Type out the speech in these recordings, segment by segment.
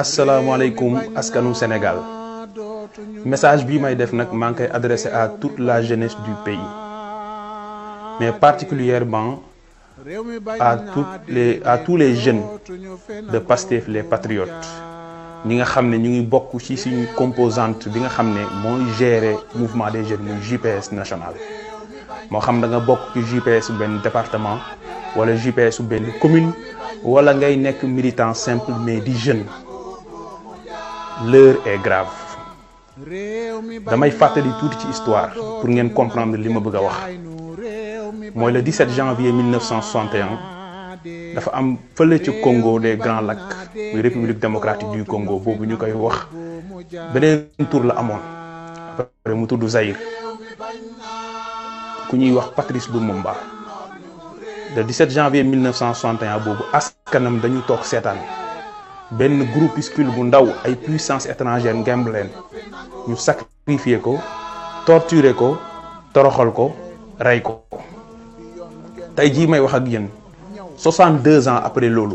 Assalamu alaykum, askanu Sénégal message que may def nak est adressé à toute la jeunesse du pays mais particulièrement à tous les jeunes de Pastef les patriotes ñi nga xamné ne ñu ngi ci composante bi nga mouvement des jeunes le JPS national Mo xam da nga bokku ci JPS ben département wala JPS ben commune wala ngay nek militant simple mais des jeunes. l'heure et grave damay fàttali tuuti ci histoire pour ngeen comprendre li ma bëgg a wax mooy le 17 janvier 1961 dafa am fële ci Congo des Grands Lacs muy république démocratique du Congo boobu ñu koy wax beneen tour la amoon après mu tudd Zaïre ku ñuy wax Patrice Lumumba le 17 janvier 1961 boobu askanam dañu toog seetaan. benn groupuscule bu ndaw ay puissance étrangère ngemb leen ñu sacrifié ko torturé ko toroxal ko ray ko tay ji may wax ak yeen 62 ans après lolu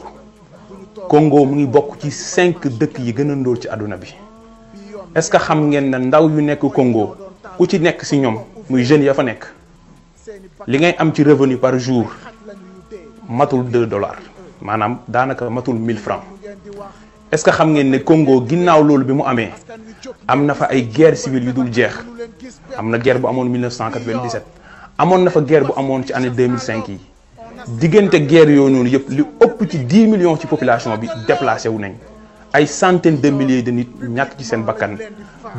Congo mu ngi bok ci 5 dëkk yi gëna ndol ci aduna bi est-ce que xam ngeen na ndaw yu nekk Congo ku ci nekk ci ñom muy jeune ya fa nekk li ngay am ci revenu par jour matul 2 dollars manam danaka matul 1000 francs est-ce que xam ngeen ne Congo ginnaaw loolu bi mu amee am na fa ay guerre civile yu dul jeex am na guerre bu amoon 1997 amoon na fa guerre bu amoon ci année 2005 yi diggante guerre yooyu noonu yëpp li ëpp ci 10 million ci population bi déplacé wu nañ ay centaines de milliers de nit ñàkk ci seen bakkan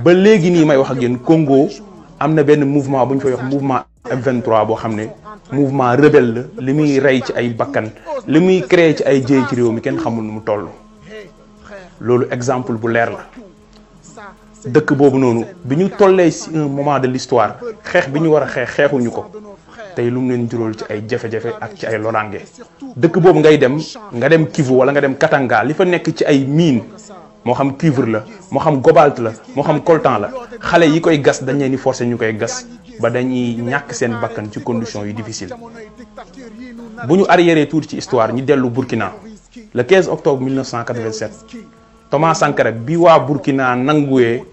ba léegi nii may wax a génn Congo am na benn mouvement bu ñu koy wax mouvement m boo xam ne mouvement rebelle la li muy rey ci ay bakkan li muy créer ci ay jéey ci réew mi kenn xamul nu mu toll. loolu exemple bu leer la dëkk boobu noonu bi ñu tollee ci un moment de l'histoire xeex bi ñu war a xeex xeexuñu ko tey lu mu leen jural ci ay jafe-jafe ak ci ay loraange dëkk boobu ngay dem nga dem Kivu wala nga dem Katanga li fa nekk ci ay mine moo xam cuivre la moo xam cobalt la moo xam coltan la xale yi koy gas dañ leen di forcer ñu koy gas ba dañuy ñàkk seen bakkan ci condition yu difficile bu ñu arriéré tuuti ci histoire ñu dellu Burkina le 15 octobre 1987 Thomas Sankara biwa Burkina nangué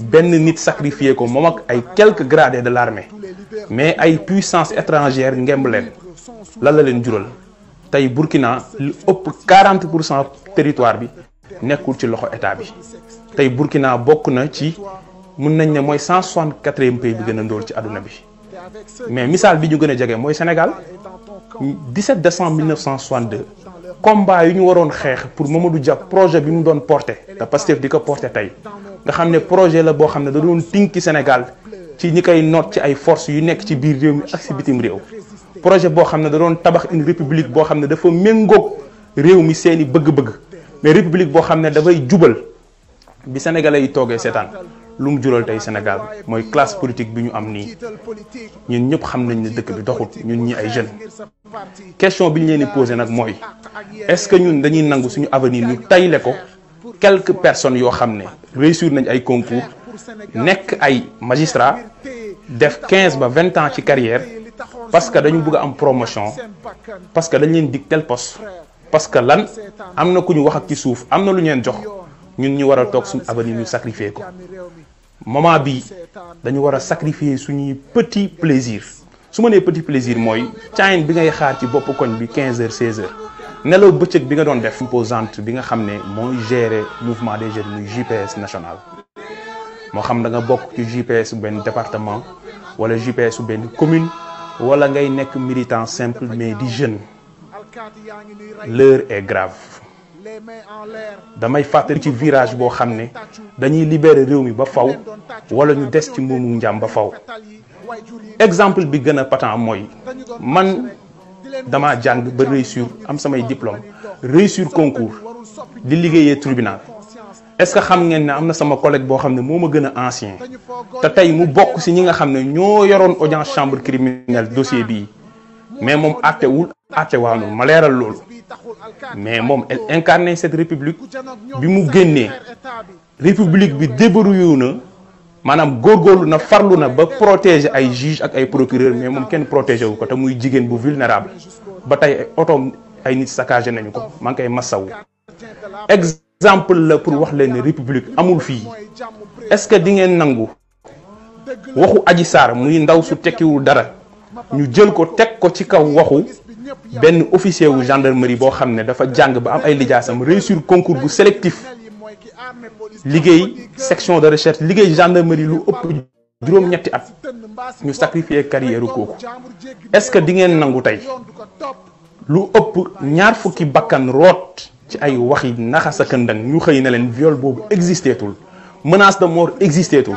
ben nit sacrifié ko mom ak ay quelques gradés de l'armée mais ay puissance étrangère ngemb leen lan la len djural tay Burkina lu 40 du territoire bi nekkul ci loxo état bi Burkina il na ci mun nañ ne moy 164e pays bi sont a ci bi mais misal bi ñu gëna a moy Sénégal 17 décembre 1962 combat yu ñu waroon xeex pour Mamadou Dia projet bi mu doon porté da Pastef di ko porté tey nga xam ne projet la boo xam ne da doon tinki Sénégal ci ñi koy noot ci ay force yu nekk ci biir réew mi ak si bitim réew projet boo xam ne da doon tabax une république boo xam ne dafa méngoog réew mi seeni bëgg-bëgg mais république boo xam ne dafay jubal bi sénégalais yi toogee seetaan lu mu jural tey Sénégal mooy classe politique bi ñu am nii ñun ñëpp xam nañ ne dëkk bi doxul ñun ñi ay jeunes question bi ñu leen di posé nag mooy est-ce que ñun dañuy nangu suñu avenir ñu tayle ko quelque personnes yoo xam ne réussir nañ ay concours nekk ay magistrat def quinze ba vingt ans ci carrière parce que dañu bëgg am promotion parce que dañ leen dig tele poste parce que lan am na ku ñu wax ak ci suuf am na lu ñu jox ñun ñu war a toog suñu avenir ñu sacrifier ko. maman bi dañu wara sacrifier suñu petit plaisir suma né petit plaisir moy caayin bi ngay xaar ci 15 h 16 h nelaw bëccëg bi nga don def composante bi nga xamné moy gérer mouvement des jeunes du JPS national mo xam da nga bok ci GPS ben département wala GPS ben commune wala ngay nek militant simple mais des jeune l'heure est grave damay fàttali ci virage boo xam ne dañuy libérer réew mi ba faw wala ñu des ci moomu njàm ba faw exemple bi gën a patent mooy man dama jàng ba réussir am samay diplôme réussir concours di liggéeyee tribunal est-ce que xam ngeen am na sama collègue boo xam ne moo ma gën a ancien te tey mu bokk si ñi nga xam ne ñoo yoroon audience chambre criminelle dossier bii mais moom wul àttewaanul ma leeral loolu mais moom elle incarnait cette république bi mu génnee république bi débaru débrouillé na maanaam góorgóorlu na farlu na ba protéger ay juge ak ay procureur mais moom kenn protéger wu ko te muy jigéen bu vulnérable ba tey ay otoom ay nit saccagé nañu ko maa ngi koy massawu exemple la pour wax leen ne république amul fii est-ce que di ngeen nangu waxu aji Sarr muy ndaw su tekkiwul dara ñu jël ko teg ko ci kaw waxu benn officier wu gendarmerie boo xam ne dafa jàng ba am ay lijaasam réussir concours bu sélectif liggéey section de recherche liggéey gendarmerie lu ëpp juróom-ñetti at ñu sacrifier carrière kooku est-ce que di ngeen nangu tey lu ëpp ñaar fukki bakkan root ci ay wax waxi naxasakandang ñu xëy na leen viole boobu existeetul menace de mort existeetul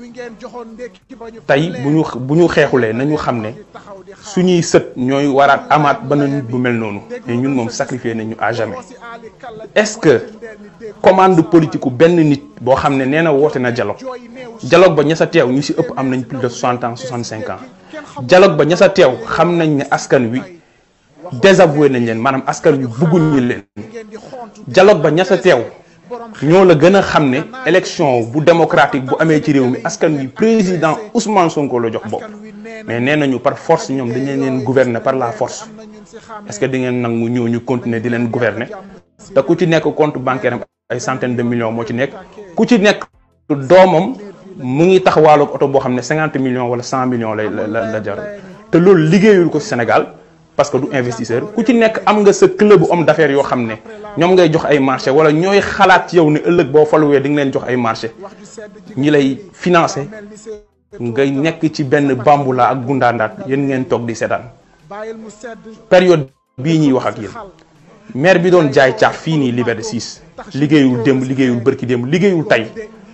tey bu ñu bu ñu xeexulee nañu xam ne suñuy sët ñooy waraat amaat beneen nit bu mel noonu mais ñun moom sacrifié nañu à jamais est-ce que commande politique benn nit boo xam ne nee na woote na dialogue dialogue ba ña sa teew ñu si ëpp am nañ plus de soixante ans soixante-cinq ans dialogue ba ña sa teew xam nañ ne askan wi désavoué nañ leen maanaam askan wi bëgguñu leen dialogue ba ña sa teew. ñoo la gën a xam ne élection bu démocratique bu amee ci réew mi askan wi président Ousmane Sonko la jox bopp mais nee nañu par force ñoom dañu leen gouverner par la force est-ce que di ngeen nangu ñoo ñu continuer di leen gouverner te ku ci nekk compte bancaire ay centaine de millions moo ci nekk ku ci nekk doomam mu ngi taxawaalu oto boo xam ne 50 millions wala 100 millions lay la la jar te loolu liggéeyul ko Sénégal. parce que du investisseur ku ci nekk am nga sa club homme d'affaires yoo xam ne ñoom ngay jox ay marché wala ñooy xalaat ci yow ne ëllëg boo faluwee di nga leen jox ay marché ñi lay financé ngay nekk ci benn bambu laa ak gundaandaat yéen ngeen toog di seetaan période bii ñuy wax ak yéen maire bi doon jaay caaf fii nii Liberté 6 liggéeyul démb liggéeyul bërki démb liggéeyul tey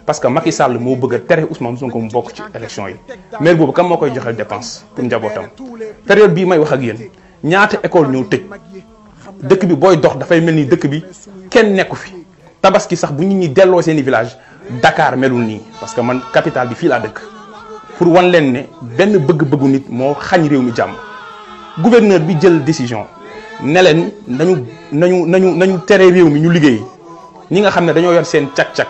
parce que Macky Sall moo bëgg a tere Ousmane Sonko mu bokk ci élection yi maire boobu kam moo koy joxel dépense pour njabootam période bii may wax ak yéen ñaata école ñeu tej dëkk bi boy dox da fay melni dëkk bi kenn nekku fi tabaski sax bu nit ñi delloo seeni village Dakar melul ni parce que man capital bi fii la dëkk pour wan len ne benn bëgg-bëggu nit moo xañ réew mi jàmm gouverneur bi jël décision ne leen nañu nañu nañu nañu tere réew mi ñu liggéey ñi nga xam ne dañoo yor seen cag-cag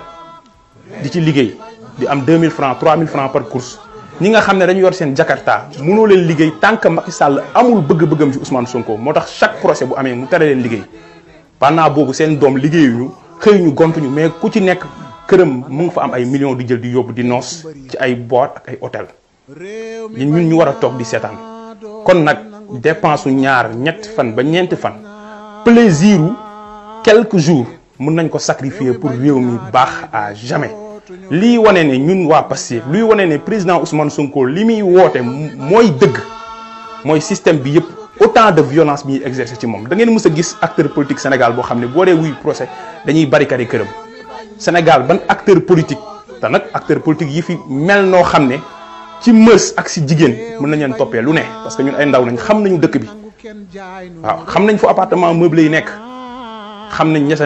di ci liggéey di am 2000 francs 3000 francs par course ñi nga xamné dañu yor sen jakarta mënoo leen tant amul bëgg ci Ousmane Sonko motax chaque procès bu amé mu sommes leen liggéey pendant liggéeyuñu mais ku ci nekk Nous mu fa am ay millions di jël di yobbu di nos ci ay boîte ak ay hôtel ñun ñu a di kon ñaar ñett fan ba fan plaisir quelques jours mën nañ ko sacrifier pour réew mi à jamais li wane ne ñun wa Pastef luy wane ne président Ousmane Sonko li muy woote mooy dëgg mooy système bi yépp autant de violence bi ñuy exercer ci mom da ngeen mës gis acteur politique Sénégal bo xamné ne boo wuy procès dañuy barricade kërëm Sénégal ban acteur politique ta nak acteur politique yi fi mel no xamné ci meus ak ci jigéen mën nañ leen topé lu né parce que ñun ay ndaw nañ xam nañu dëkk bi waaw xam nañ fu appartement meublé yi nekk xam nañ ña sa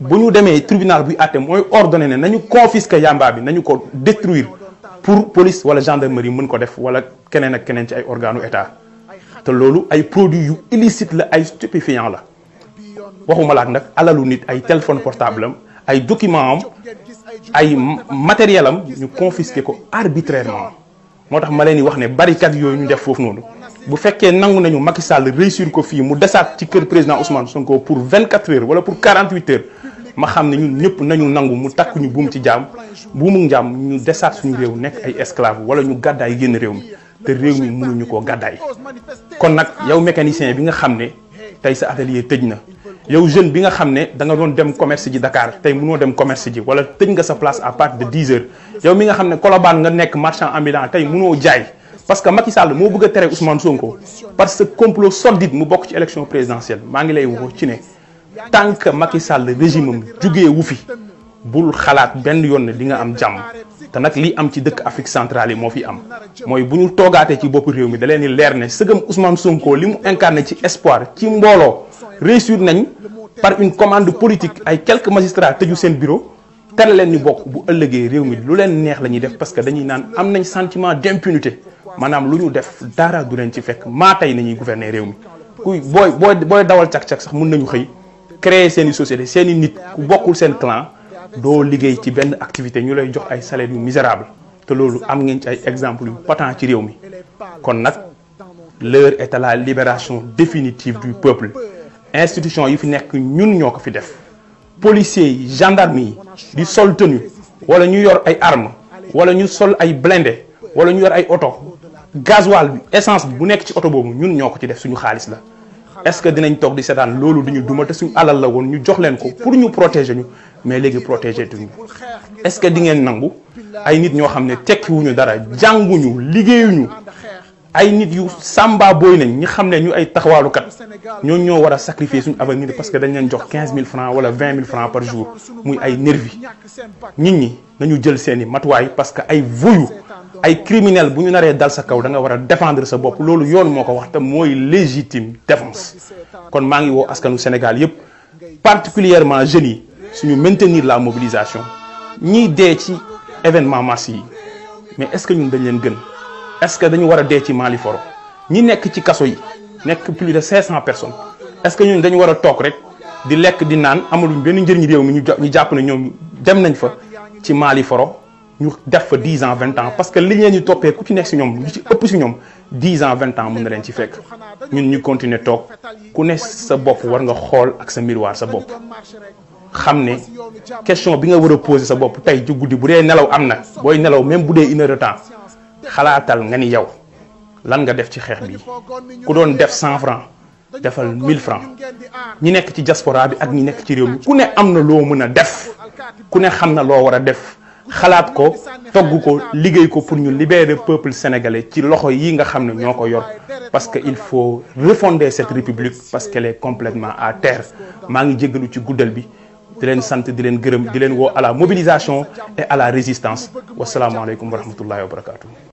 bu ñu tribunal buy até moy ordonné né nañu confisquer yamba bi nañu ko détruire pour police wala gendarmerie mën ko def wala kenen ak kenen ci ay organu état té lolu ay produits yu illicite la ay stupéfiant la waxuma la nak alalu nit ay téléphone portable am ay documents am ay matériel am ñu confisquer ko arbitrairement motax tax ma leen wax né barricade yooyu ñu def fofu nonu bu fekkee nangu nañu Macky Sall réussir ko fi mu desaat ci kër président Ousmane Sonko pour vingt quatre heures wala pour quarante huit heures ma xam ne ñun ñëpp nañu nangu mu takk ñu buum ci jaam buumu njaam ñu desaat suñu réew nekk ay esclave wala ñu gàddaay génn réew mi te réew mi mënuñu koo gàddaay kon nag yow mécanicien bi nga xam ne tey sa atelier na yow jeune nga xam ne da nga doon dem commerce ji Dakar tey mënoo dem commerce ji wala tëj nga sa place à partir de 10 heures yow mi nga xam ne Colobane nga nekk marchand ambulant tey mënoo jaay parce que Macky moo bëgg a tere Ousmane Sonko parce que complot sordide mu bokk ci élection présidentielle maa ngi lay woo ci ne tant que Macky Sall régime am jugee wu bul xalaat ben yoon li nga am jàmm te nak li am ci dëkk Afrique centrale mo fi am moy bu ñu ci bop réew mi da leen di ne Ousmane Sonko li mu incarné ci espoir ci mbolo réussir nañ par une commande politique ay quelques magistrats teju sen bureau tan len ni bokk bu ëllëgee réew mi lu leen neex lañuy def parce que dañuy naan am nañ sentiment d'impunité manam luñu def dara du len ci fekk ma tay nañuy gouverner réew mi kuy boy booy booy dawal cak-cak sax mën nañu xey créer une société C'est une nit ku bokkul clan doo liggéey ci benn activité ñu lay jox ay salaire yu misérable te loolu am ngeen ci ay exemple yu patent ci réew kon l'heure est à la libération définitive du peuple institution yi fi nekk ñun ñoo ko fi def policiers yi gendarmes yi di sol tenue wala ñu yor ay armes wala ñu sol ay blindé wala ñu yor ay auto, gasoil bi essence bi bu nekk ci oto boobu ñun ñoo ko ci def suñu xaalis la est-ce que dinañ toog di seetaan loolu duñu duma te suñu alal la woon ñu jox leen ko pour ñu protéger ñu mais léegi protéger tuñu est-ce que di ngeen nangu ay nit ñoo xam ne tekkiwuñu dara jànguñu liggéeyuñu ay nit yu samba boy nañ ñi xamné ñu ay taxawaalukat ñooñu ñoo war a sacrifier suñu avenir parce que dañ leen jox quinze mille francs wala 20 mille francs par jour muy ay nervi nit ñi nañu jël seeni matuwaay parce que ay voyou ay criminel bu ñu naree dal sa kaw da nga war a défendre sa bopp loolu yoon moo ko wax te mooy légitime défense kon maa ngi woo askanu Sénégal yépp particulièrement jeunes yi suñu maintenir la mobilisation ñi dee ci événement mars yi mais est-ce que ñun dañ leen gën est-ce que dañu war a dee ci maali foro ñi nekk ci kaso yi nekk plus de 500 personnes est-ce que ñun dañu war a toog rek di lekk di naan amaluñ benn njëriñ réew mi ñu jàpp ne ñoom dem nañ fa ci foro ñu def fa 10 ans 20 ans parce que li ngeen ñu toppee ku ci nekk si ñoom lu ci ëpp si ñoom 10 ans 20 ans mën na leen ci fekk ñun ñu continuer toog ku ne sa bopp war nga xool ak sa miroir sa bopp. xam ne question bi nga war a poser sa bopp tey ju guddi bu dee nelaw am na booy nelaw même bu dee une heure xalaatal nga ni yow lan nga def ci xeex bi ku doon def cent francs, defal mille francs. ñi nekk ci diaspora bi ak ñi nekk ci réew mi ku ne am na loo mën a def ku ne xam na loo war a def xalaat ko togg ko liggéey ko pour ñu libérer peuple sénégalais ci loxo yi nga xam ne ñoo ko yor parce que il faut refonder cette république parce qu'elle est complètement à terre maa ngi jéggalu ci guddal bi di leen sant di leen gërëm di leen woo à la mobilisation et à la résistance wasalaamaaleykum wa rahmatullahi wa barakatuh